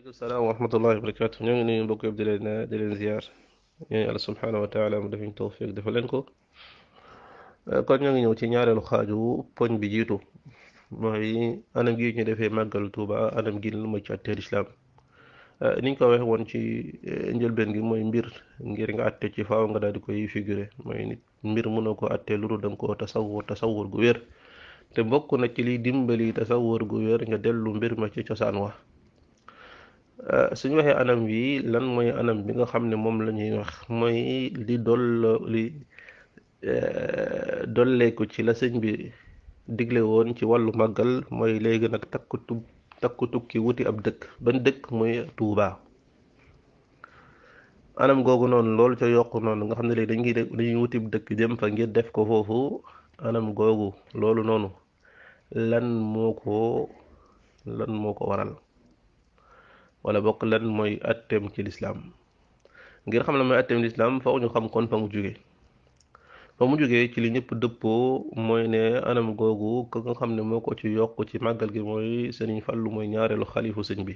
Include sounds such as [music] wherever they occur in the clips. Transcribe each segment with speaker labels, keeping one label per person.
Speaker 1: waaleykum salaam wa rahmatullahi wa barakatuh ñoo mbokk yëpp di leen di leen ziar ñooñu yàlla subhaanahu wa taala mu defuñ tawfiq dafa leen ko kon ñoo ngi ñëw ci ñaareelu xaaju poñ bi jiitu mooy anam gi ñu defee màggal tuuba anam gi lu mooy ci àtteer islaam niñ ko waxee woon ci eh, njëlbeen gi mooy mbir ngir nga àtte ci faaw nga daal di koy figuré mooy nit mbir mënoo ko àtte lu dul da nga tasawur tasawur gu wér te bokk na ci liy dimbali tasawur gu wér nga dellu mbir ma ci cosaan wa Euh, suñu waxee anam wi lan mooy anam bi nga xam ne moom la ñuy wax mooy li dolloo li euh, dolleeku ci la sëñ bi digle woon ci wàllu màggal mooy léegi nag takku tub takku tukki wuti ab dëkk ban dëkk mooy tuubaa anam googu noonu loolu ca yokk noonu nga xam ne léegi dañuy dañuy wuti ab dëkk dem fa ngir def ko foofu anam googu loolu noonu lan moo ko lan moo ko waral. wala bokk lan mooy atteem ci lislaam ngir xam la mooy atteem lislaam faw ñu xam kon fa mu jóge fa mu jógee ci li ñëpp dëppoo mooy ne anam googu ka nga xam ne moo ko ci yokk ci màggal gi mooy sëriñ Fàllu mooy ñaareelu xalifu sëñ bi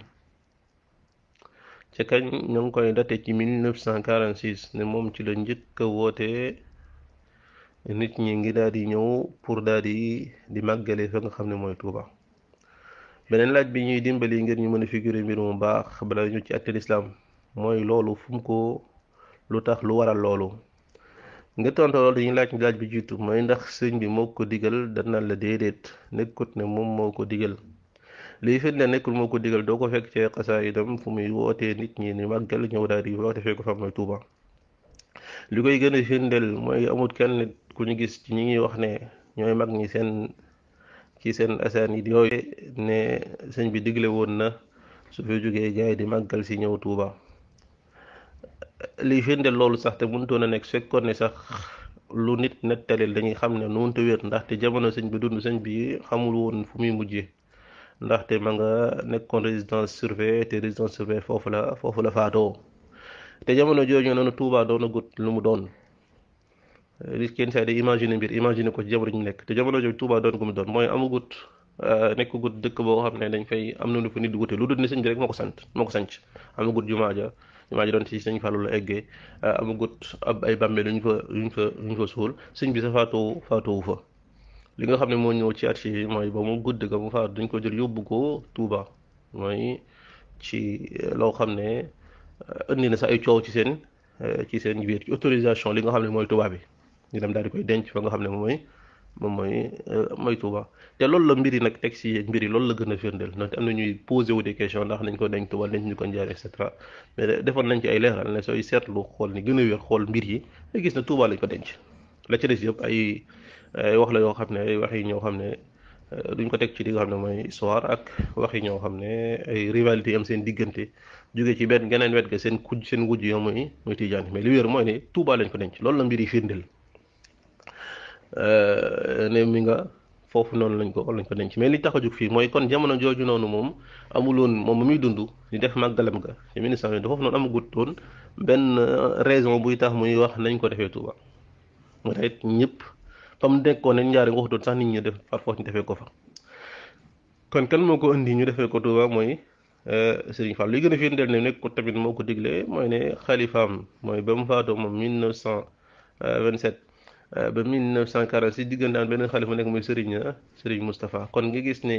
Speaker 1: ci kañ ñu ngi koy date ci 1946 ne moom ci la njëkk a woote nit ñi ngi daal di ñëw pour daal di di màggale fa nga xam ne mooy Tuuba beneen laaj bi ñuy dimbali ngir ñu mën a figurer mbir mu baax bala ñu ci àtte lislaam mooy loolu fu ko lu tax lu waral loolu nga tontu loolu dañuy laaj laaj bi jiitu mooy ndax sëñ bi moo ko digal dañ naan la déedéet nekkut ne moom moo ko digal lii fi ne nekkul moo ko digal doo ko fekk ci xasaayidam fu muy wootee nit ñi ni màggal ñëw daal di woote fekk ko fa mooy Tuuba li koy gën a firndeel mooy amut kenn nit ku ñu gis ci ñu ngi wax ne ñooy mag ñi seen ci seen asanid yooyu ne sëñ bi digle woon na su fi jógee gaay di màggal si ñëw Tuuba li firndeel loolu sax te mënutoon a nekk fekkoon ne sax lu nit nettali dañuy xam ne nuunte wér ndaxte jamono sëñ bi dund sëñ bi xamul woon fu muy mujjee ndaxte ma nga nekkoon résidence surveillée te résidence surveillée foofu la foofu la faatoo te jamono jooju noonu Tuuba doon a gut lu mu doon risque yenn saa day imaginer mbir imaginer ko ci jamono ji nekk te jamono jooju Touba doon ko mu doon mooy euh, nekk nekkagut dëkk boo xam ne dañ fay am nañu fa nit di wute lu dul ne sëñ bi rek moo ko sant moo ko sanc amagut jumaa ja jumaa ja doon si sëñ Fallou la eggee euh, amagut ab ay bàmbe lu ñu fa lu ñu fa lu sëñ bi sa faatoo faatoowu fa li nga xam ne moo ñëw ci at si mooy ba mu gudd ga mu faat dañ ko jël yóbbu ko Touba mooy ci euh, loo xam ne indi na sax ay coow ci seen ci seen biir ci autorisation li nga xam ne mooy Touba bi ñu dem daal di koy denc fa nga xam ne moom mooy moom mooy euh, mooy Touba te loolu la mbir yi nag teg si yeeg mbir yi loolu la gën a firndeel ndaxte am na ñuy posé wu des questions ndax nañ ko denc Touba denc ko njaar et cetera defoon nañ ci ay leeral ne sooy seetlu xool ni gën a wér xool mbir yi gis na Touba lañ ko denc la ca des yëpp ay ay wax la yoo xam ne ay wax yi ñoo xam ne euh, duñ ko teg ci li xam ne mooy histoire ak wax yi ñoo xam ne ay rivalité yi diggante jóge ci benn geneen wet seen kuj seen wujj yo muy muy Tijaan mais li wér mooy ne Touba lañ ko denc loolu la mbir yi firndeel ne euh, mi nga foofu noonu lañ ko lañ ko denc mais li tax a jug fii mooy kon jamono jooju noonu moom amuloon moom muy dund di def màggalam ga ci ministre bi foofu noonu amagut woon benn raison buy tax muy wax nañ ko defee tuuba moo tax it ñëpp comme nekkoon nañ njaari nga wax doon sax nit ñi def parfois ñu defee ko fa kon kan moo ko indi ñu defee ko tuuba mooy euh, Serigne Fall li gën a firndeel ne nekk ko tamit moo ko digle mooy ne xalifaam mooy ba mu faatoo moom 1927 Euh, ba 1946 diggante am benn xalifa nekk muy Serigne ah, Serigne Moustapha kon nga gis ne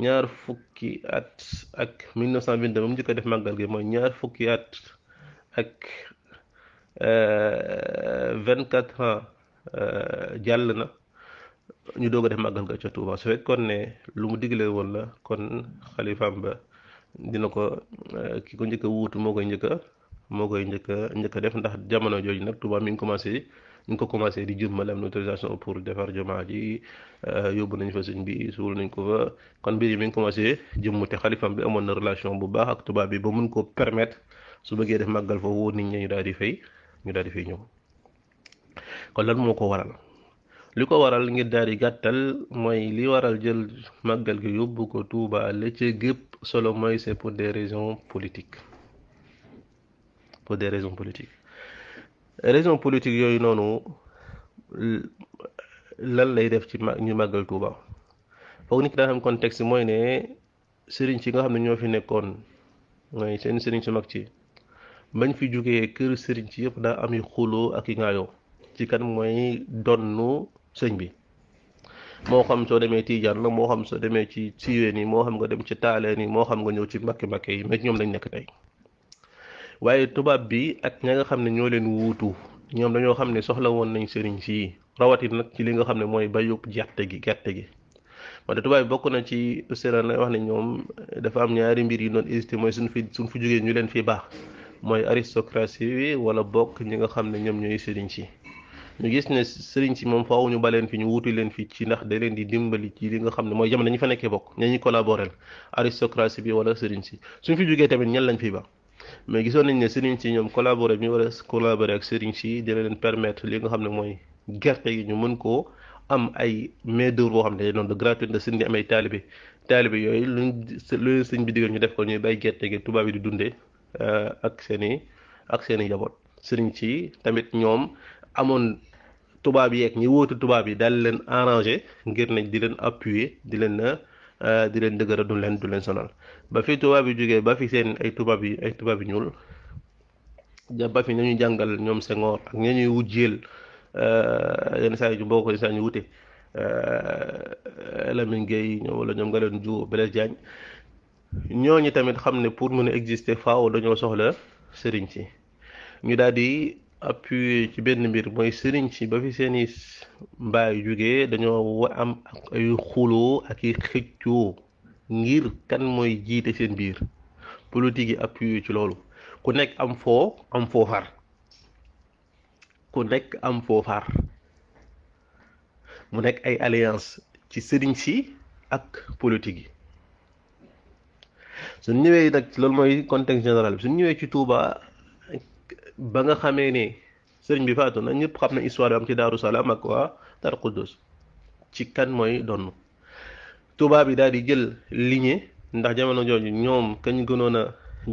Speaker 1: ñaar fukki at ak 1922 ba mu njëkk a def màggal gi mooy ñaar fukki at ak 24 euh, ans euh, jàll na ñu doog a def màggal ga ca Touba su kon ne lu mu digle woon la kon xalifam ba dina ko ki ko njëkk a wuutu moo koy njëkk a moo koy njëkk a njëkk def ndax jamono jooju nag Touba mi ngi commencé. ñu ko commencé di jëmmal am autorisation pour defar ji euh, yóbbu fa sëñ bi suul nañ ko fa kon mi ngi commencé bi relation bu baax ak tubaab bi ba mun ko permettre su bëggee def màggal ñi ñu daal fay ñu daal fay ñëw kon lan moo waral li ko waral ngir li pour des raisons politiques pour des raisons politiques raison politique yooyu noonu lan lay def ci mag ñu màggal Tuuba foog nit ki daa xam contexte mooy ne sëriñ si nga xam ne ñoo fi nekkoon mooy seen sëriñ su mag ci bañ fi jógee kër sëriñ ci yëpp daa am yu xuloo ak i ngaayoo ci kan mooy donnu sëñ bi moo xam soo demee Tiijaan la moo xam soo demee ci Siween yi moo xam nga dem ci Taaleen yi moo xam nga ñëw ci Mbàkke Mbàkke yi mais ñoom lañ nekk tey waaye tubaab bi ak ña nga xam ne ñoo leen wuutu ñoom dañoo xam ne soxla woon nañ sëriñ sii rawatin nag ci li nga xam ne mooy bayub gerte gi gerte gi moo tax bokk na ci Ousseynou lay wax ne ñoom dafa am ñaari mbir yi doon hésité mooy suñ fi suñ fi ñu leen fi baax mooy aristocratie bi wala bokk ñi nga xam ne ñoom ñooy sëriñ si ñu gis ne sëriñ si moom faaw ñu baleen fi ñu wuutu leen fi ci ndax da leen di dimbali ci li nga xam ne mooy jamono ñi fa nekkee bokk ña ñuy collaborer aristocratie bi wala sëriñ si suñ fi jógee tamit ñan lañ fi baax mais gisoon nañ ne sëriñ si ñoom collaborer bi ñu war a collaborer ak sëriñ si dina leen permettre li nga xam ne mooy gerte yi ñu mën koo am ay main d'œuvre boo xam ne noonu de gratuite de sëriñ di am ay taalibe taalibe yooyu lu luñ sëriñ bi digal ñu def ko ñuy bay gerte gi tubaab yi di dundee euh, ak seen i ak seen i njaboot sëriñ si tamit ñoom amoon tubaab yeeg ñi wóotu tubaab yi daal leen arranger ngir nañ di leen appuyer di leen. Euh, Euh, di leen dëgëra du leen du leen sonal ba fi tubaab yi jógee ba fi seen ay tubaab yi ay tubaab yi ñuul ba fi nañu jàngal ñoom Senghor ak ñañuy wujjeel euh, yenn saa yi ju boo ko saa ñu wute euh, Lamine Gueye ñoom wala ñoom nga leen ju Blaise Diagne ñooñu tamit xam ne pour mën a exister faaw dañoo soxla sëriñ si ñu daal appuyé ci benn mbir mooy sëriñ si ba fi seeni mbaay jógee dañoo am ak ay xuloo ak i xëccoo ngir kan mooy jiite seen biir politique yi appuyé ci loolu ku nekk am foo am foo far ku nekk am foo far mu nekk ay alliance ci sëriñ si ak politique yi su ñëwee nag loolu mooy contexte général bi su ñëwee ci Touba. ba nga xamee ne sëriñ bi faatu na ñëpp xam na histoire am ci Daaru Salaam ak waa Daaru Xuddus ci kan mooy donn tubaab yi daal di jël lignée ndax jamono jooju ñoom kañ gënoon a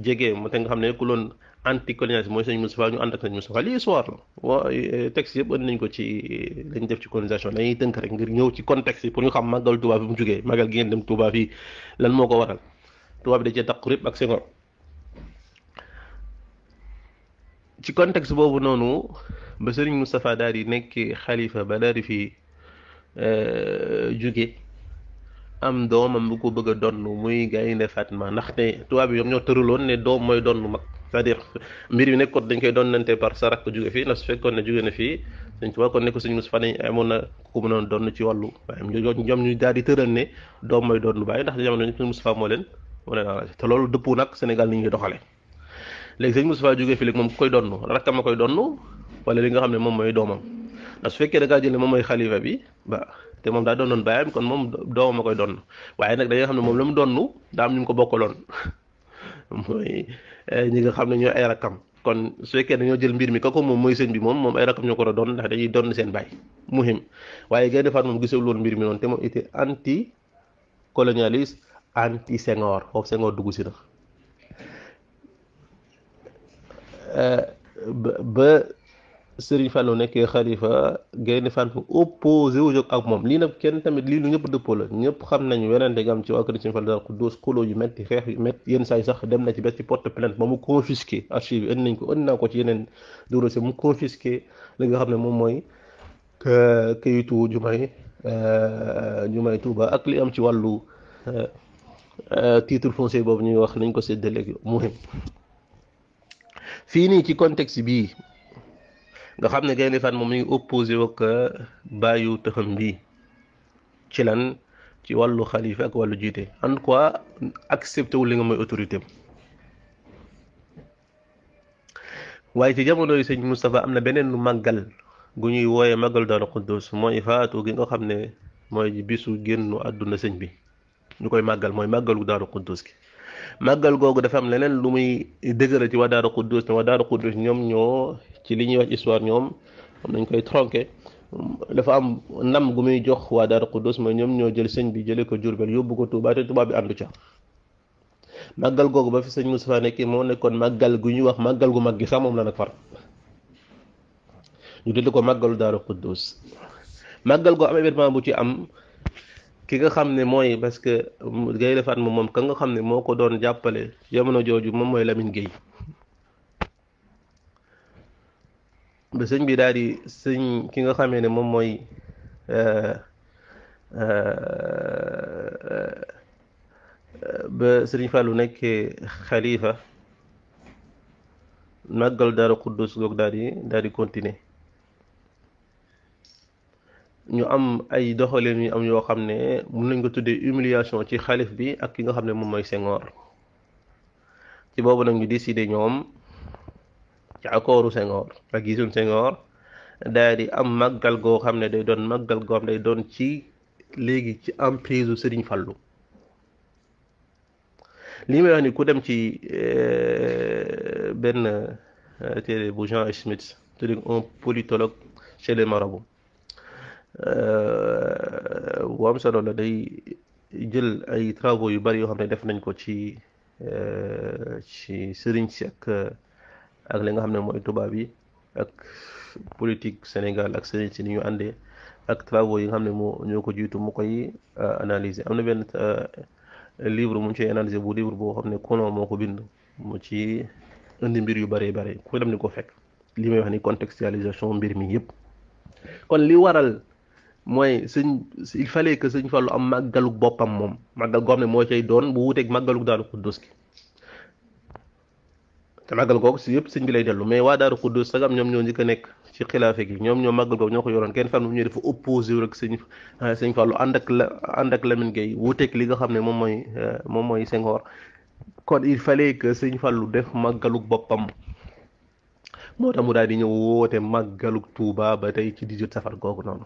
Speaker 1: jege mu te nga xam ne ku loon anticolonisation mooy sëñ Moustapha ñu ànd ak sëñ Moustapha lii histoire la waa eh, texte yëpp ënd nañ ko ci eh, lañ def ci colonisation dañuy tënk rek ngir ñëw ci contexte pour ñu xam màggal Tuubaa bi mu jógee màggal gi ngeen dem tubaab yi lan moo ko waral tubaab bi da cee taq rib ak Senghor ci contexte boobu noonu ba sëriñ Moustapha daal di nekk xalifa ba daal di fi euh, jóge am doomam bu ko bëgg a donn muy gaynde Fatma ndaxte tubaab yi ñoo tëraloon ne doom mooy donn mag c'est-à-dire mbir mi nekkoon dañ koy donnante par sarak ko jóge fii ndax su fekkoon ne jóge na fii dañ tubaab kon ne ko sëriñ Moustapha dañ amoon na ku mënoon donn ci wàllu waaye ñoom ñu daal di tëral ne doom mooy donn bàyyi ndax jamono sëriñ Moustapha moo leen moo leen te loolu dëppoo nag Sénégal ni ñuy doxale léegi sëñ Moustapha jógee fi moom ku koy donnu rakkam a koy donnu wala li nga xam ne moom mooy doomam ndax su fekkee da ngaa jël ne moom mooy xalifa bi ba te moom daa donnoon baayam kon moom doomam a koy donn waaye nag dañoo xam ne moom la mu donnu daa am ñu ko bokkaloon [laughs] mooy eh, ñi nga xam ne ñooy ay rakkam kon su fekkee dañoo jël mbir mi kooku moom mooy sëñ bi moom moom ay rakkam ñoo ko war doon ndax dañuy donn seen baay muhim waaye Gaynde Fatma moom gisul loolu mbir mi noonu te moom était anti colonialiste anti Senghor foofu Senghor dugg si na ba Serigne Fallou nekkee xalifa Gaynde Fatma fu wu jóg ak moom lii nag kenn tamit lii lu ñëpp dëppoo la ñëpp xam nañu werante gam ci waa kër Serigne Fallou daal ku dóos xuloo sax dem na ci bés ci porte plainte ba mu confisqué archive yi indi ko indi naa ko ci yeneen mu confisqué li nga xam ne moom mooy kayitu jumay euh, jumay Touba ak li am ci wàllu euh, euh, titre foncier boobu ñuy wax nañ ko séddale muhim fii nii ci context bii nga xam ne Gaynde Fatma moom mi ngi opposé ak euh, bàyyu tëxam bii ci lan ci wàllu xalifa ak wàllu jiite en tout cas li nga mooy autorité am waaye ci jamonoy sëñ Moustapha am na beneen lu màggal gu ñuy wooyee màggal Daaru Xuddus mooy faatu gi nga xam ne mooy bisu génnu àdduna sëñ bi ñu koy màggal mooy màggalu Daaru Xuddus gi màggal googu dafa am leneen lu muy dëgëral ci waa Daaru Xuddus ne waa Daaru Xuddus ñoom ñoo ci li ñuy wax histoire ñoom am nañ koy tronqué dafa am ndam gu muy jox waa Daaru Xuddus mooy ñoom ñoo jël sëñ bi jëlee ko Jurbel yóbbu ko Tuubaa te Tuubaa bi àndu ca màggal googu ba fi sëñ Moustapha nekkee moo nekkoon màggal gu ñuy wax màggal gu mag gi sax moom la nag far ñu tudd ko màggalu Daaru Xuddus màggal goo am événement bu ci am ki nga xam ne mooy parce que Gaynde Fatma moom ka nga xam ne moo ko doon jàppale jamono jooju moom mooy Lamine Gueye ba sëñ bi daal di sëñ ki nga xamee ne moom mooy euh, euh, ba sëriñ Fallou nekkee xalifa naggal dara Xuddus goog daal daal di continuer ñu am ay doxalin yu am yoo xam ne mun nañ ko tuddee humiliation ci xalif bi ak ki nga xam ne moom mooy Senghor ci boobu nag ñu décidé ñoom ci accordu Senghor ak gisuñ Senghor daal di am màggal goo xam ne day doon màggal goo xam day doon ci léegi ci emprise u Sëriñ Fallu lii may wax ni ku dem ci euh, benn euh, téere bu Jean Schmidt tudde un politologue chez les marabouts bu am solo la day jël ay travaux yu bari yoo xam ne def nañ ko ci euh, ci sëriñ si ak ak li nga xam ne mooy tubaab yi ak politique Sénégal ak sëriñ si ni ñu àndee ak travaux yi nga xam ne moo ñoo ko jiitu mu koy euh, analyser am na benn euh, livre mu ci analyser bu livre boo xam ne kono moo ko bind moo ci indi mbir yu bëree bëri ku dem ni ko fekk li may wax ni contextualisation mbir mi yëpp kon li waral mooy sëñ il fallait que sëñ Fallou am màggalug boppam moom màggal goo xam ne moo cay doon bu wuteeg màggalug daalu Xuddus gi te màggal googu yëpp sëñ bi lay dellu mais waa Daaru Xuddus sagam ñoom ñoo njëkk a nekk ci xilaafe ñoo màggal googu ñoo ko yoroon kenn fan bu ñuy dafa opposé wu rek sëñ ah, sëñ Fallou ànd la ànd ak Lamine Gueye wuteeg li nga xam ne moom mooy eh, moom mooy Senghor kon il fallait que sëñ Fallou def màggalug boppam moo tax mu daal di ñëw woote màggalug Touba ba tey ci di 18 safar googu noonu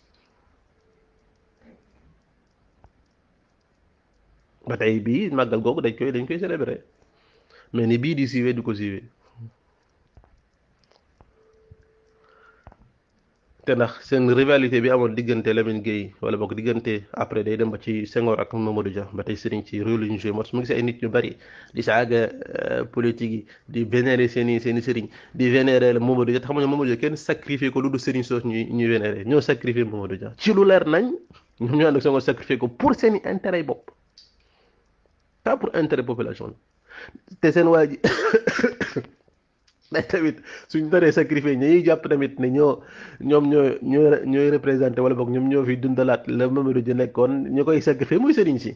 Speaker 1: ba tey bii màggal googu dañ koy dañ koy célébrer mais ni bii di siiwee du ko siiwee te ndax seen rivalité bi amoon diggante Lamine Gueye wala boog diggante après day dem ba ci Senghor ak Mamadou Dia ba tey sëriñ ci réew lañu mu gis ay nit ñu bari di saaga euh, politique yi di i seen i sëriñ di vénérer Mamadou Dia te xam nga Mamadou Dia kenn ko lu dul sëriñ soos ñuy ñuy vénérer ñoo sacrifié Mamadou Dia ci leer nañ ñoom ñoo ànd ak Senghor sacrifié ko pour seeni i intérêt bopp pas pour intérêt population bi te seen waa ji mais tamit suñ daree sacrifice ñi jàpp tamit ne ñoo ñoom ñoo ñooy ñooy représenté wala boog ñoom ñoo fi dundalaat la Mamadou Dia nekkoon ñoo koy sacrifié mooy sëriñ si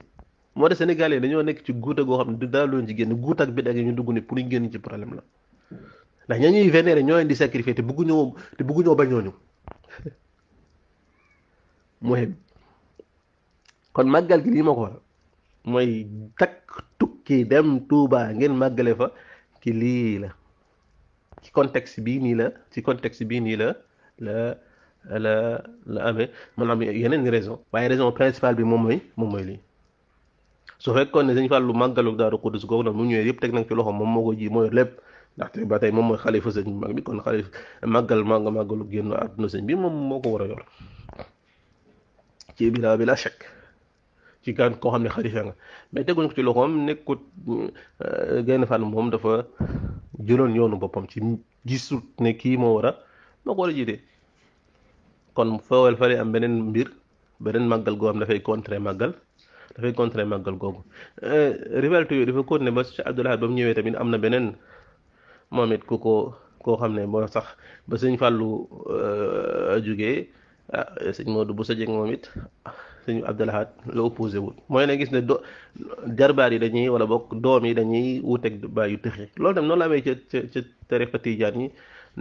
Speaker 1: moo tax sénégalais dañoo nekk ci guuta goo xam ne du daal loon ci génn guut ak bid ñu dugg ne pour ñu génn ci problème la ndax ña ñuy vénéré ñoo leen di sacrifié te bëgguñoo te bëgguñoo bañooñu mooy kon màggal gi lii ma ko waral mooy takk tukki dem Touba ngeen màggale fa ci lii la ci contexte bii nii la ci contexte bii nii la la la la amee maanaam yeneen raison waaye raison principale bi moom mooy moom mooy lii su fekkoon ne Sëñ Fallu màggalu Daaru Xuddus googu nag mu ñëwee yëpp teg nañ ci loxo moom moo ko ji mooy lépp te ba tey moom mooy xalifa sëñ mag bi kon xalif màggal màgg màggalu génn àdduna sëñ bi moom moo ko war a yor ci biraa bi la ci gaan koo xam ne xalifa nga mais teguñ ko ci loxoom nekkut euh, Gaynde Fatma moom dafa jëloon yoonu boppam ci gisut ne kii moo war a moo ko war a jiite kon foowel fale am beneen mbir beneen màggal goo xam dafay contrer màggal dafay contrer màggal googu euh, rivalité yooyu dafa continuer ba Cheikh Abdoul Ahad ba mu ñëwee tamit am na beneen moom it ku ko koo xam ne moo sax ba sëñ Fàllu euh, jógee ah sëñ Modou bu sa jeg moom it sëñ Abdou Lahad la opposé wul mooy ne gis ne do jarbaar yi dañuy wala bokk doom yi dañuy wuteeg baay yu tëxe loolu tam noonu la amee ca ca ca tariqa tijaan yi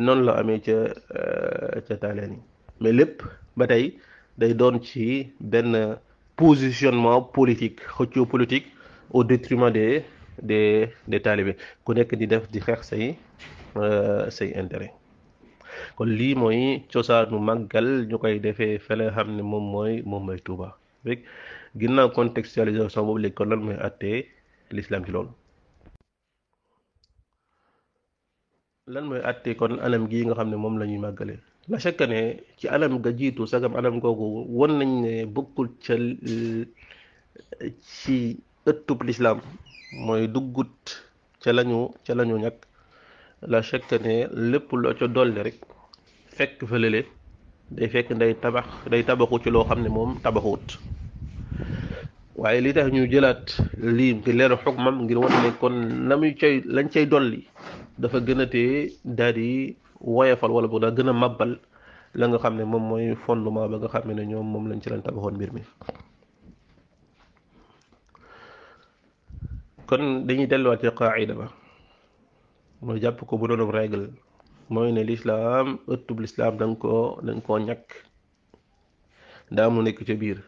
Speaker 1: noonu la amee ca euh, ca taaleen yi mais lépp ba tey day doon ci benn positionnement politique xëccoo politique au détriment des des des talibés ku nekk di def di xeex say euh, say intérêt kon lii mooy cosaanu màggal ñu koy defee fele xam ne moom mooy moom mooy Touba rek ginnaaw contextualisation boobu léegi kon lan mooy àttee l'islam ci loolu lan mooy àttee kon anam gii nga xam ne moom lañuy ñuy màggalee la chaqque ne ci anam ga jiitu sagam anam googu won nañ ne bokkul ca ci mooy duggut ca lañu ca lañu ñàkk la chaqque ne lépp loo ca dolli rek fekk fa lële day fekk nday tabax day tabaxu ci loo xam ne moom tabaxut waaye li tax ñu jëlaat lii ngir leeru xukmam ngir wane kon namu muy cay lañ cay dolli dafa gën a tee daal di woyefal wala boog daa gën màbbal la nga xam ne moom mooy fondement ba nga xam ne ñoom moom lañ ci leen tabaxoon mbir mi kon dañuy delluwaat ci qaida ba mooy jàpp ko bu doonum règle mooy ne lislaam ëttub lislaam danga koo danga koo ñàkk daa mu nekk ca biir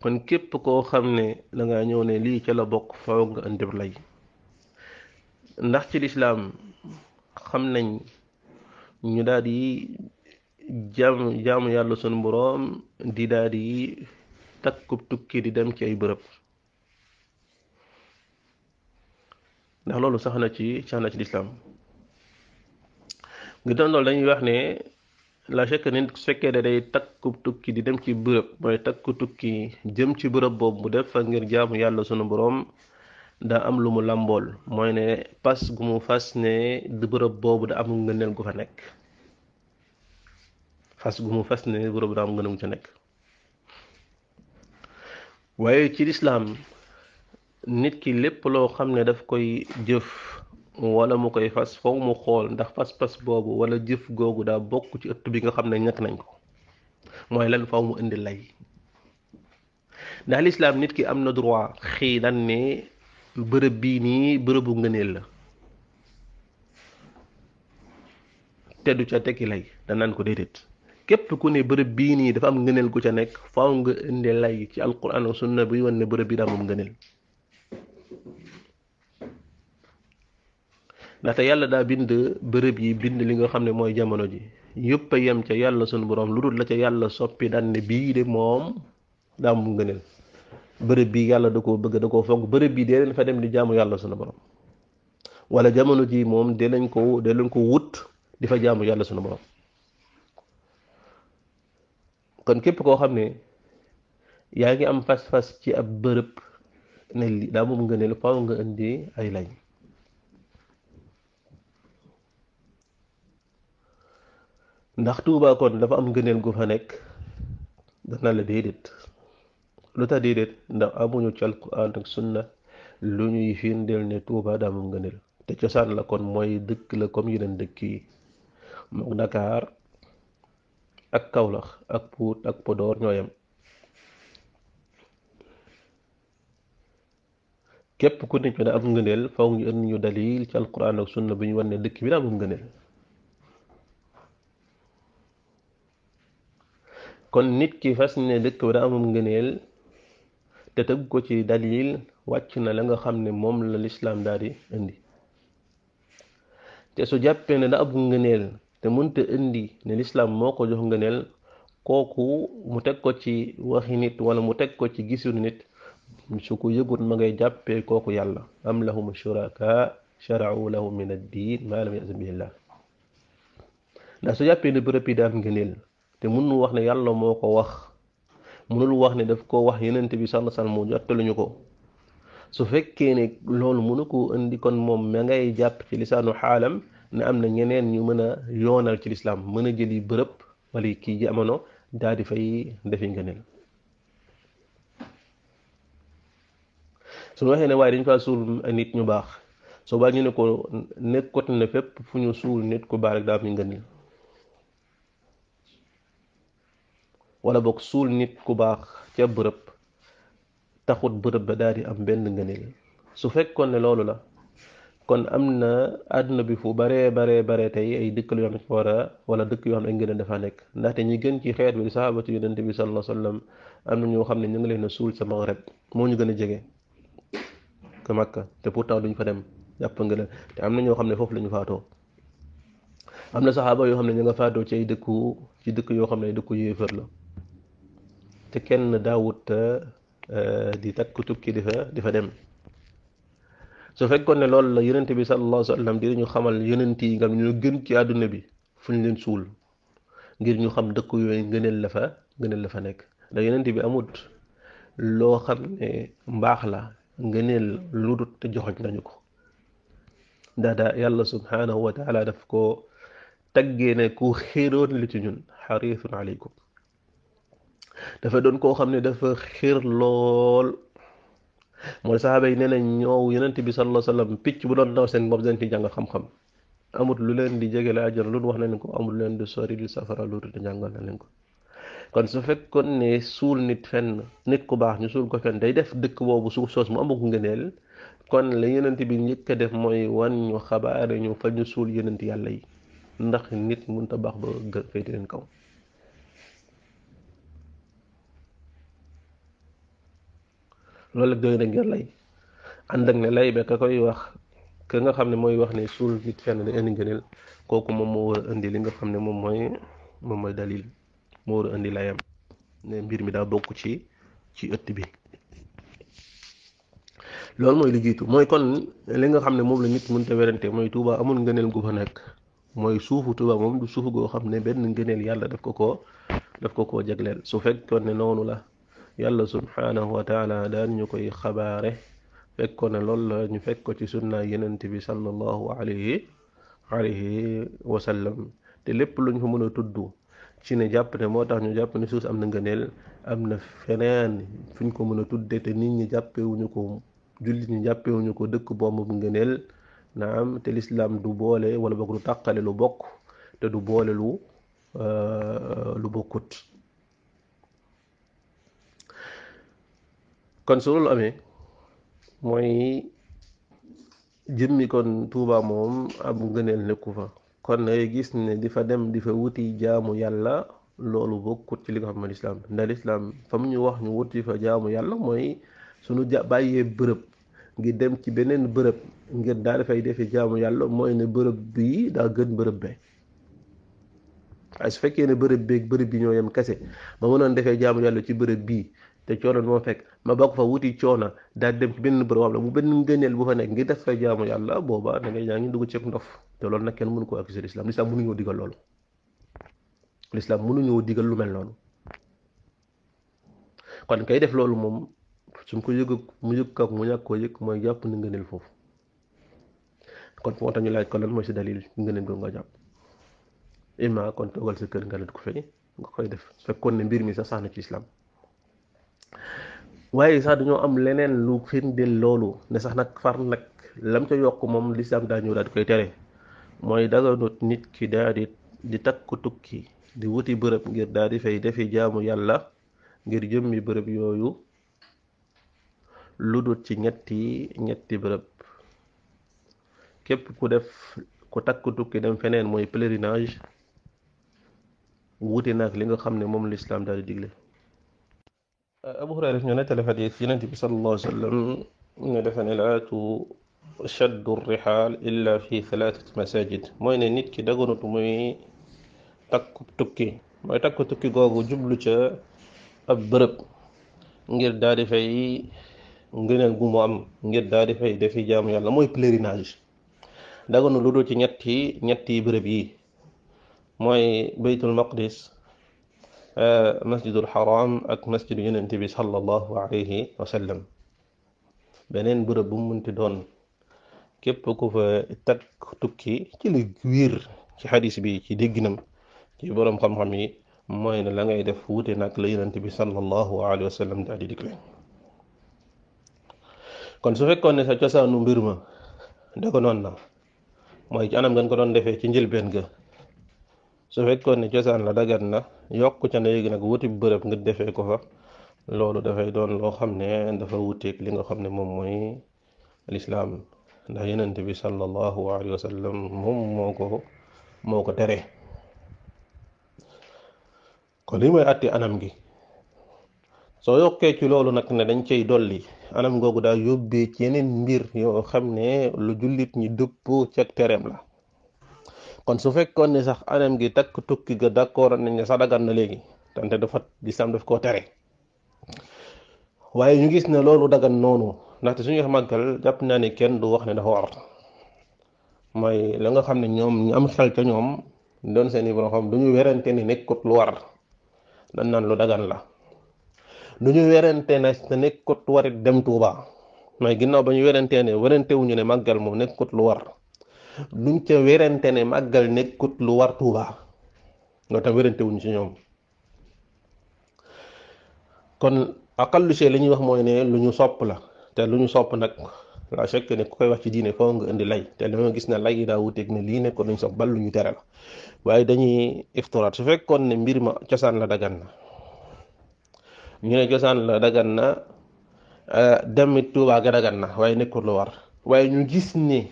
Speaker 1: kon képp koo xam ne danga ñëw ne lii ca la bokk faw nga indib lay ndax ci lislaam xam nañ ñu daal di jaam yàlla sunu boroom di daal di takkub tukki di dem ci ay bërëb ndax loolu sax na ci sax na ci lislaam ngir doon loolu dañuy wax ne la chèque nit su fekkee da day takku tukki di dem ci bërëb mooy takku tukki jëm ci bërëb boobu bu def fa ngir jaamu yàlla sunu boroom daa am lu mu làmbool mooy ne mu fas ne du bërëb boobu da am ngëneel gu fa nekk fas gu mu fas ne bërëb da am ngëneel gu ca nekk waaye ci lislaam nit ki lépp loo xam ne daf koy jëf wala mu koy fas faw mu xool ndax fas-fas boobu wala jëf googu daa bokk ci ëtt bi nga xam ne ñàkk nañ ko mooy lan faw mu indi lay ndax lislaam nit ki am na droit xii daan ne bërëb bii nii bërëbu ngëneel la te du ca tekki lay naan ko déedéet képp ku ne bërëb bii nii dafa am ngëneel gu ca nekk faw nga indi lay ci alquran sunna bi wan ne bërëb bi daa moom ngëneel ndaxte yàlla daa bind bërëb yi bind li nga xam ne mooy jamono ji yëpp a yem ca yàlla sunu boroom lu dul la ca yàlla soppi daan bii de moom daa mu ngëneel bërëb bi yàlla da koo bëgg da koo fonk bërëb bi dee leen dem di jaamu yàlla sunu borom wala jamono ji moom dee leen ko dee leen ko wut di fa yàlla sunu borom kon képp koo xam ne yaa ngi am fas ci ab bërëb ne lii daa moom ngëneel faaw nga indi ay lañ. ndax Tuubaa kon dafa am gëneel gu fa nekk dana la déedéet lu tax déedéet ndax amuñu ci alquran ak sunna lu ñuy firndeel ne Tuubaa daa am gëneel te cosaan la kon mooy dëkk la comme yeneen dëkk yi mook Dakar ak Kawlax ak Pout ak am ngëneel ñu ën ñu dalil ci alquran ak sunna bi ñu wan ne dëkk bi daa am ngëneel kon nit ki fas ne dëkk ba daa amum ngëneel te tëgg ko ci dalil wàcc na la nga xam ne moom la lislaam daal di indi te su jàppee ne da ab ngëneel te mënta indi ne lislaam moo ko jox ngëneel kooku mu teg ko ci waxi nit wala mu teg ko ci gisu nit su ko yëgut ma ngay jàppee kooku yàlla am lahum shuraka sharau lahum min ad diin maa lam yasan bihi llah ndax su jàppee ne bërëb yi daa am ngëneel te mënul wax ne yàlla moo ko wax mënul wax ne daf ko wax yenent bi sallallahu alayhi wasallam mu jottaluñu ko su fekkee ne loolu mënu ko indi kon moom ma ngay jàpp ci lisaanu xaalam ne am na ñeneen ñu mën a yoonal ci lislaam mën a jëli bërëb wala kii jamono daal di fay defi ngëneel suñu waxee ne waaye dañ faa suul nit ñu baax soo baa ñu ne ko nekkut na fépp fu ñu suul nit ku baax rek daa am ngëneel wala boog suul nit ku baax ca bërëb taxut bërëb ba daal di am benn ngëneel su fekkoon ne loolu la kon am na àdduna bi fu baree baree baree tey ay dëkk la yoo xam ne war a wala dëkk yoo xam ne ay ngëneel dafa nekk ndaxte ñi gën ci xeet bi di sahabatu yonent bi sallallahu alayhi wa sallam am na ñoo xam ne ñu ngi leen a suul sa Maghreb moo ñu gën a jege que Makka te pourtant duñ fa dem jàpp nga la te am na ñoo xam ne foofu la ñu faatoo am na saxaaba yoo xam ne ñu nga faatoo ci ay dëkku ci dëkk yoo xam ne ay dëkku yéefar la te kenn daawut euh, euh, di takk tukki di fa di fa dem su fekkoon ne loolu la yonent bi sallallahu alayhi wa sallam dinañu xamal yonent yi nga xam gën ci àdduna bi fu ñu leen suul ngir ñu xam dëkk yooyu ngëneel la fa ngëneel la fa nekk ndax yonent bi amut loo xam ne mbaax la ngëneel lu dut te joxoñ nañu ko ndax daa yàlla subhaanahu wa taala daf ko taggee ne ku xéeroon li ci ñun xarisun aleykum dafa doon koo xam ne dafa xiir lool mooy saxaaba yi nee nañ ñoow yonent bi sallallahu alayhi wasallam picc bu doon naw seen bopp dañ ci jàng xam-xam amut lu leen di jegele àjjana lu wax nañ ko amut lu leen di sori di safara lu di jàngal na leen ko kon su fekkoon ne suul nit fenn nit ku baax ñu suul ko fenn day def dëkk boobu suuf soos mu amagu ngëneel kon la yonent bi njëkk a def mooy wan ñu xabaare ñu fa ñu suul yonent yàlla yi ndax nit mënut a baax ba féete leen kaw loolu doy na ngir lay ànd ak ne lay ba ka koy wax ka nga xam ne mooy wax ne suul nit fenn da indi ngëneel kooku moom moo war a indi li nga xam ne moom mooy moom mooy dalil moo war a indi layam ne mbir mi daa bokk ci ci ëtt bi loolu mooy li mooy kon li nga xam ne moom la nit mënta werante mooy tuubaa amul ngëneel gu fa nekk mooy suufu Tuuba moom du suuf goo xam ne benn ngëneel yàlla daf ko ko daf ko koo jagleel su fekkoon ne noonu la yàlla subhaanahu wa taala daal ñu koy xabaare fekk ne loolu la ñu fekk ko ci sunna yenent bi sallallahu alayhi alayhi wa sallam te lépp luñ fa mën a tudd ci ne jàpp ne moo tax ñu jàpp ne suus am na ngëneel am na feneen fuñ ko mën a tudde te nit ñi jàppewuñu ko jullit ñi jàppewuñu ko dëkk bomb bu ngëneel naam te lislaam du boole wala boog du tàqale lu bokk te du boole lu lu bokkut kon su loolu amee mooy jëmmi kon Tuuba moom am ngëneel nekku fa kon ngay gis ne di fa dem di fa wuti jaamu yàlla loolu bokkut ci li nga xam ne lislaam ndax lislaam fa mu ñu wax nu wuti fa jaamu yàlla mooy suñu ja bàyyee bërëb ngir dem ci beneen bërëb ngir daa dafay defee jaamu yàlla mooy ne bërëb bii daa gën bërëb be waaye su fekkee ne bërëb beeg bërëb bi ñoo yem kese ba mënoon defee jaamu yàlla ci bërëb bii te coono moo fekk ma bokk fa wuti coona daal dem ci benn bërëb bu benn ngëneel bu fa nekk ngir def fa jaamu yàlla booba da ngay yaa ngi dugg ceeb ndof te loolu nag kenn mënu koo accuser l'islam l'islam mënuñoo digal loolu l'islam mënuñoo digal lu mel noonu kon kay def loolu moom suñ ko yëg mu yëg ko mu ñàkk koo yëg mooy jàpp ni ngëneel foofu kon moo tax ñu laaj ko lan mooy si dalil ngëneel ko nga jàpp imma kon toogal sa kër nga leen ko fay nga koy def fekkoon ne mbir mi sax sax na ci islam waaye sax dañoo am leneen lu firndeel loolu ne sax nag far nag lam ca yokk moom lislaam daa ñëw daal koy tere mooy daganut nit ki daal di di takk tukki di wuti bërëb ngir daal fay defi jaamu yàlla ngir jëmmi bërëb yooyu lu dut ci ñetti ñetti bërëb képp ku def ku takk tukki dem feneen mooy pèlerinage wuti nag li nga xam ne moom lislaam daal di digle أبو هريرة نتلى في حديث النبي صلى الله عليه وسلم إن دفنيلات شد الرحال إلا في ثلاثة مساجد موين نيت كي دغونو تومي تاكو توكي موي تاكو توكي غوغو جوبلو تشا أب برب غير دادي في غنال غومو أم غير دادي في دفي جام يالا موي بليريناج دغونو لودو تي نياتي نياتي برب يي موي بيت المقدس آه، مسجد الحرام اك مسجد يونت بي صلى الله عليه وسلم بنين بره بو مونتي دون كيب كو فا تك توكي تي لي غوير تي حديث بي تي ديغنم تي بروم خام خامي موي لا غاي ديف ووتي ناك لا يونت بي صلى الله عليه وسلم دادي ديك لين كون سو فيكون سا تيوسا نو مبيرما دكو نون لا موي جانام غن كو دون ديفه تي نجيل بنغا su fekkoon ne cosaan la dagat na yokk ca léegi nag wuti bërëb nga defee ko fa loolu dafay doon loo xam ne dafa wuteeg li nga xam ne moom mooy lislaam ndax yenent bi sallallahu alayhi moom moo ko ko tere kon li mooy àtti anam gi soo yokkee ci loolu nag ne dañ cay dolli anam googu daal yóbbee ci yeneen mbir yoo xam ne lu jullit ñi dëpp ca tereem la kon su fekkoon ne sax anam gi takk tukki ga d'accord nañ ne sa dagan na léegi tante dafa lislaam daf koo tere waaye ñu gis ne loolu dagan noonu ndaxte suñu màggal jàpp naa ne kenn du wax ne dafa war mooy la nga xam ne ñoom ñu am xel ca ñoom doon seen i borom xam du ñu werante ne nekkut lu war dañ naan lu dagan la du ñu werante ne te nekkut warit dem Tuuba mooy ginnaaw ba ñu werantee ne werante wuñu ne màggal moom nekkut lu war duñ ca wérante ne màggal nekkut lu war Tuuba loolu tam wérante wuñ ci ñoom kon aqallu shay li ñuy wax mooy ne lu ñu sopp la te lu ñu sopp nag la chaque ne ku koy wax ci diine nga indi lay te li gis na lay yi daa wuteeg ne nekkoon nañ sopp bal ñu tere waaye dañuy iftiraat su fekkoon ne mbir ma cosaan la dagan na ñu ne cosaan la dagan na eh, demit Tuubaa ga dagan na waaye nekkul lu war waaye ñu gis ne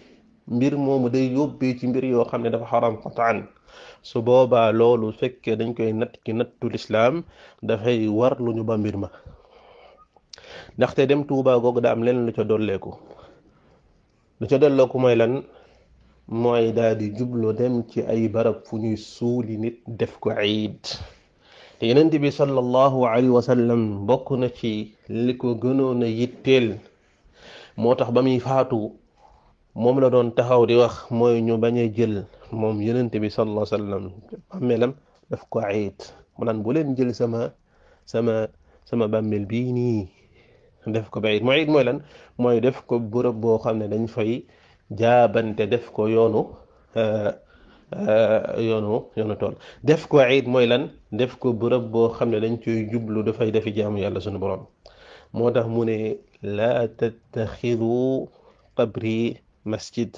Speaker 1: mbir moomu day yóbbee ci mbir yoo xam ne dafa xaram qataan su boobaa loolu fekkee dañ koy natt ci nattu lislaam dafay war lu ñu ba mbir ma ndaxte dem tuubaa googu daa am leen lu ca dolleeku lu ca dolleeku mooy lan mooy daal di jublu dem ci ay barab fu ñuy suuli nit def ko iid te yenent bi sallallahu alayhi bokk na ci li ko gënoon a yitteel moo tax ba muy faatu mom la doon taxaw di wax moy ñu bañe a jël moom yonent bi sallallahu alayhi wasallam sallam daf ko ayit mo nan bu len jël sama sama sama bàmmeel bi ni def ko bayit ayit mooy ayit lan moy def ko bërëb bo xamne dañ fay jaabante def ko yoonu yoonu yoonu tol def ko ayit moy lan def ko bërëb bo xamne dañ ciy jublu fay defi jaamu yàlla sunu borom motax mu ne la tattaxidu qabri masjid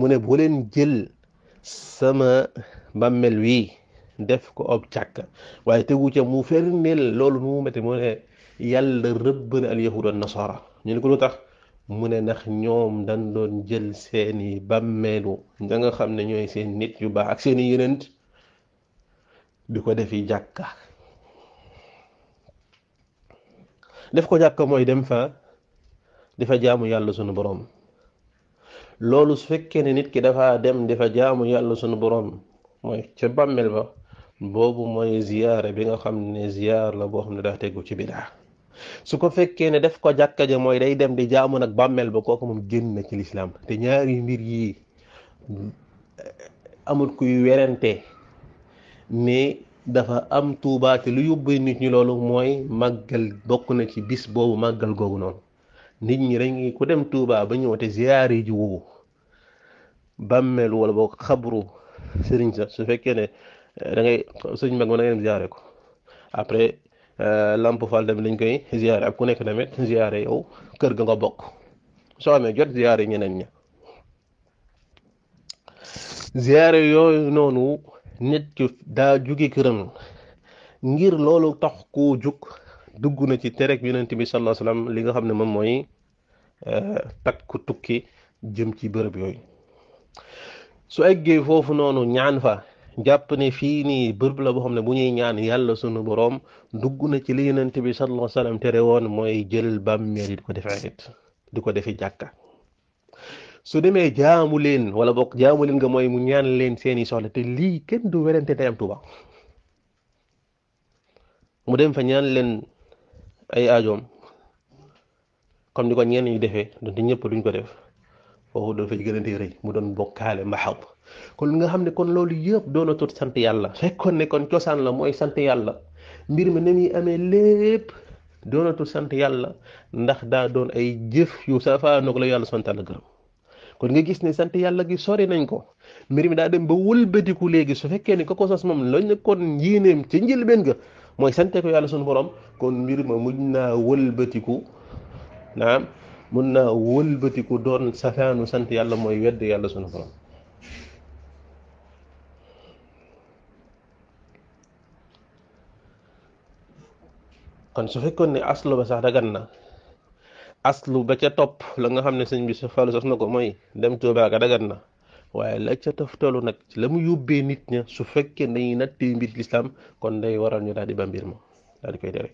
Speaker 1: mu ne bu leen jël sama bàmmeel wii def ko ob càkk waaye te tegu ca mu ferndeel loolu nu mu métti mu ne yàlla rëbb na al yahuud an ñu ne ko lu tax mu ne ndax ñoom dañ doon jël seeni bàmmeelu da nga xam ne ñooy seen nit yu baax ak seeni yeneen di ko defi jàkka def ko jàkka mooy dem fa di fa jaamu yàlla sunu boroom loolu su fekkee ne nit ki dafa dem di fa jaamu yàlla sunu borom mooy ca bàmmeel ba boobu mooy ziyaara bi nga xam ne ziyaar la boo xam ne daa tegu ci bidaa su ko fekkee ne def ko jàkka ja mooy day dem di jaamu nag bàmmeel ba kooku moom génn na ci lislaam te ñaari mbir yi amul kuy werante ne dafa am tuubaate lu yóbbee nit ñi loolu mooy màggal bokk na ci bis boobu màggal googu noonu nit ñi ngi ku dem tuubaa ba ñëw te ziyaare ji wu bàmmeel wala boo xabru sëriñ sa su fekkee ne eh, da ngay sëriñ mag ma da ngay dem ko après eh, Lamp Fall tamit lañ koy ziyaare ak ku nekk tamit ziyaare yow kër ga nga bokk soo amee jot ziyaare ñeneen ña ziyaare yooyu noonu nit daa jóge këram ngir loolu tax ku jóg dugg na ci terek yonent bi sallallahu alayhi wasallam li nga xam ne moom mooy takk tukki jëm ci bërëb yooyu su eggee foofu noonu ñaan fa jàpp ni fii nii bërëb la boo xam ne bu ñuy ñaan yàlla sunu boroom dugg na ci li yonent bi sallallahu alayhi tere woon mooy jël bam yi di ko defee nit di ko defi jàkka su demee jaamu leen wala bokk jaamu leen nga mooy mu ñaan leen seeni soxla te lii kenn du werante day am Tuuba mu dem fa ñaan leen ay aajoom comme ni ko ñenn ñu defee donte ñëpp duñ ko def foofu dafa gën a dee rëy mu doon bokkaale mbaxaw kon nga xam ne kon loolu yëpp doonatut sant yàlla fekkoon ne kon cosaan la mooy sant yàlla mbir mi ni muy amee lépp doonatul sant yàlla ndax daa doon ay jëf yu safaanoog la yàlla sant la nga gis ne sant yàlla gi sori nañ ko mbir mi daa dem ba wëlbatiku léegi su fekkee ni ko ko sos moom lañ ne kon yéeneem ca njëlbeen ga mooy sante yàlla sunu borom kon mbir ma mujj naa wëlbatiku. naam mun naa wëlbatiku doon safaanu sant yàlla mooy wedd yàlla sunu borom kon su fekkoon ne aslu ba sax dagan na aslu ba ca topp la nga xam ne sëñ bi su falu sos na ko mooy dem Tuubaa ga na waaye la ca toftalu nag la mu yóbbee nit ña su fekkee dañuy nattee mbir lislaam kon day waral ñu daal di ba mbir ma daal di koy tere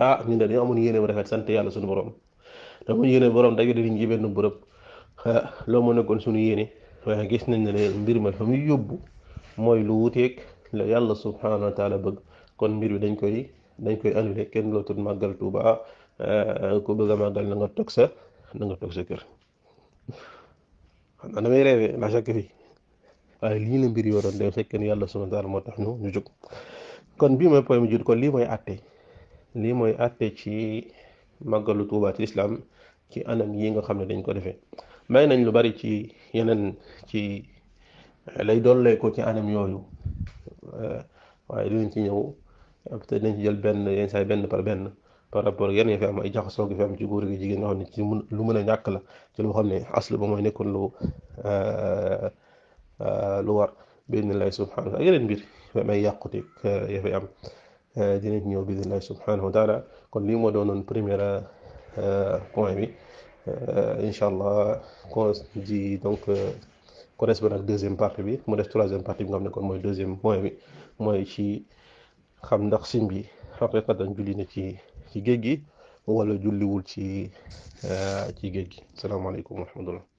Speaker 1: ah ñun de dañoo amoon yéene bu rafet sant yàlla suñu borom da amoon yéene borom daje dinañ ci benn loo mu nekkoon suñu yéene gis nañ ne mbir ma fa muy yóbbu mooy lu wuteeg la yàlla subhanahu wa taala bëgg kon mbir bi dañ koy dañ koy annulé kenn dootul màggal Tuuba ku na nga toog sa na sa kër xam naa damay reewee la chaque fii waaye lii la mbir yoo doon def fekkee ne yàlla subhanahu moo tax ñu ñu jóg kon bii mooy poème jur kon lii mooy àtte lii mooy àtte ci màggalu tuubaa ci lislaam ci anam yi nga xam ne dañ ko defee may nañ lu bari ci yeneen ci lay dollee ko ci anam yooyu eh, waaye dinañ ci ñëw te dinañ ci jël benn yenn saay benn par benn par rapport ak yenn yi fi am ay jaxasoo gi fi am ci góor gi jigéen nga xam ne ci lu mën a ñàkk la ci loo xam ne aslu ba mooy nekkoon lu eh, eh, lu war bi idnillaahi subhaanahu ak yeneen mbir may yàquteeg ya fay am dinañ ñëw bi Allah subhanahu wa taala kon lii moo doonoon première point bi incha allah kon di donc correspondre ak deuxième partie bi mu def troisième partie bi nga xam ne kon mooy deuxième point bi mooy ci xam ndax sin bi xaqiqatan julli na ci ci géej gi wala julliwul ci ci géej gi salaamaaleykum wa rahmatullah